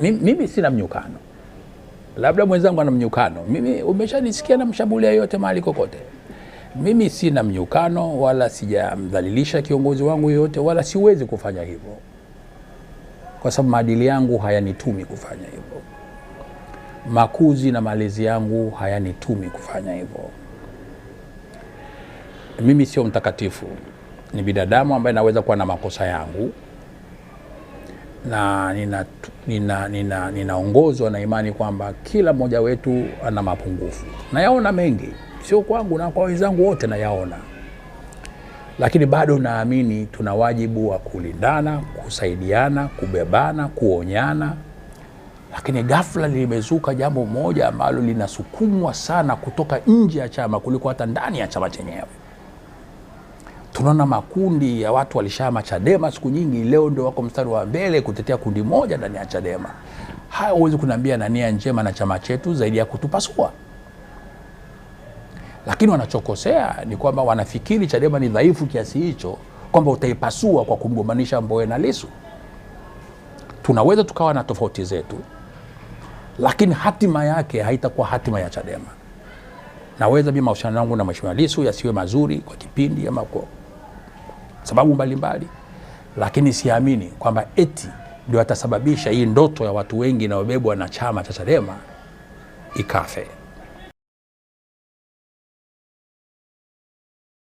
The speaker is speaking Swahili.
Mimi sina mnyukano, labda mwenzangu ana mnyukano. Mimi umeshanisikia na mshambulia yote mahali kokote. Mimi sina mnyukano wala sijamdhalilisha kiongozi wangu yoyote, wala siwezi kufanya hivyo kwa sababu maadili yangu hayanitumi kufanya hivyo, makuzi na malezi yangu hayanitumi kufanya hivyo. Mimi sio mtakatifu, ni binadamu ambaye naweza kuwa na makosa yangu na ninaongozwa nina, nina, nina na imani kwamba kila mmoja wetu ana mapungufu, nayaona mengi, sio kwangu na kwa wenzangu wote nayaona, lakini bado naamini tuna wajibu wa kulindana, kusaidiana, kubebana, kuonyana. Lakini ghafla limezuka jambo moja ambalo linasukumwa sana kutoka nje ya chama kuliko hata ndani ya chama chenyewe tunaona makundi ya watu walishama Chadema siku nyingi, leo ndio wako mstari wa mbele kutetea kundi moja ndani ya Chadema. Haya huwezi kuniambia na nia njema na chama chetu zaidi ya kutupasua. Lakini wanachokosea ni kwamba wanafikiri Chadema ni dhaifu kiasi hicho kwamba utaipasua kwa kumgombanisha Mbowe na Lisu. Tunaweza tukawa na tofauti zetu, lakini hatima yake haitakuwa hatima ya Chadema. Naweza mimi mahusiano yangu na Mheshimiwa Lisu yasiwe mazuri kwa kipindi ama kwa sababu mbalimbali mbali. Lakini siamini kwamba eti ndio atasababisha hii ndoto ya watu wengi inayobebwa na chama cha Chadema ikafe.